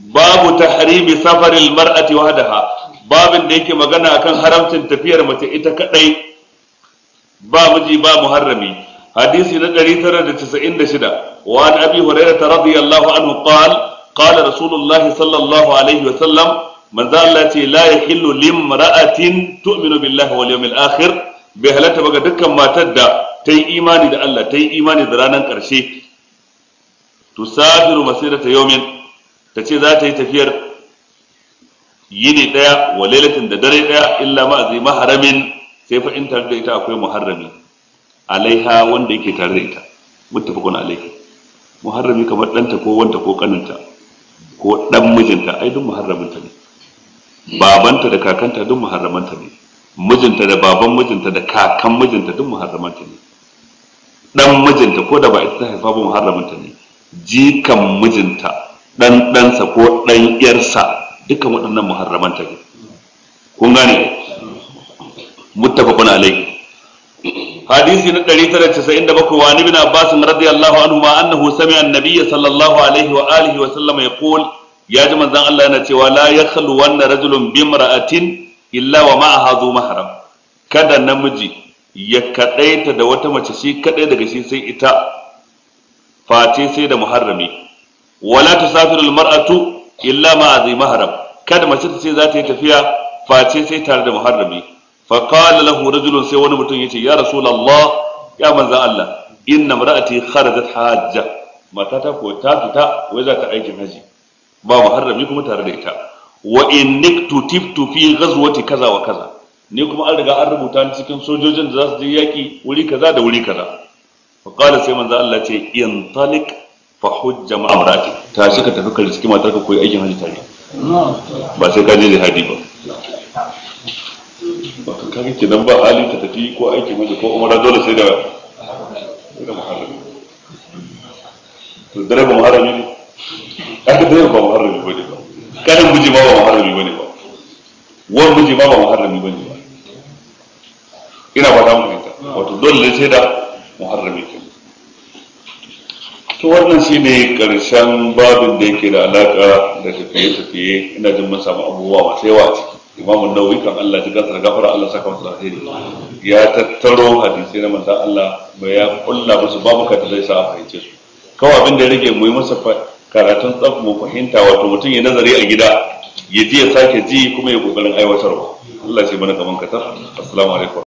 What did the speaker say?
babu tahrimi safaril mar'ati wahdaha babin da yake magana akan haramcin tafiyar mace ita kadai ba miji ba muharrami hadisi na 996 wa an abi hurairah radiyallahu anhu qala qala rasulullah sallallahu alaihi wa sallam man zalla ce la yahillu limra'atin tu'minu billahi wal yawmil akhir bai halatta ba ga dukkan matar da ta yi imani da Allah ta yi imani da ranar karshe tusafiru masirata yawmin ta ce za ta yi tafiyar yini ɗaya wa lailatin da dare ɗaya illa ma zai maharamin sai fa in tare da ita akwai muharrami alaiha wanda yake tare da ita muttafaqun alaihi muharrami kamar ɗanta ko wanta ko kaninta ko ɗan mijinta ai duk muharraminta ne babanta da kakanta duk muharramanta ne mijinta da baban mijinta da kakan mijinta duk muharramanta ne dan mijinta ko da ba ita ta haifa ba muharramanta ne jikan mijinta dan ɗansa ko ɗanyarsa ƴarsa dukkan waɗannan muharraman ta ne kun gane muttafaqun alayhi hadisi na 997 wa ibn Abbas radiyallahu anhu ma annahu sami'a an-nabiy sallallahu alaihi wa alihi wa sallam yaqul ya ji manzon Allah yana cewa la yakhlu wanna rajulun bimra'atin illa wa ma'aha zu mahram kada namiji ya kadaita da wata mace shi kadai daga shi sai ita face sai da muharrami wala tusafiru almar'atu illa ma azi mahram kada mace ta ce za ta yi tafiya face sai tare da muharrami fa qala lahu rajulun sai wani mutum yace ya rasulullah ya manzan Allah inna imra'ati kharajat hajja matata ko ta fita wai za ta aikin haji ba muharrami kuma tare da ita wa inni tutiftu fi ghazwati kaza wa kaza ni kuma an riga an rubuta ni cikin sojojin da za su je yaki wuri kaza da wuri kaza fa qala sai manza Allah ce in talik fa hujja ma amrati ta shi ka tafi kalli cikin matarka ka koyi aikin hajji tare ba sai ka je jihadi ba ba ka kare kenan ba hali ta tafi ko aikin hajji ko umara dole sai da dare ba muharrami ne aka dare ba muharrami bane ba kanin miji ba ba muharrami bane ba wani miji ba ba muharrami bane ba ina ba ta mu wato dole sai da muharrami kenan to wannan shi ne ƙarshen babin da yake da alaƙa da tafiye-tafiye ina jin mun samu abubuwa masu yawa ciki imamun nawawi kan Allah ji gasar gafara Allah saka masa alheri ya tattaro hadisi na manzon Allah bai ya kulla musu babu ka ta zai sa a fahimce su kawai abin da ya rage mu yi masa karatun tsaf mu fahimta wato mutum ya nazari a gida ya ji ya sake ji kuma ya kokarin aiwatarwa Allah ce mana kaman katar assalamu alaikum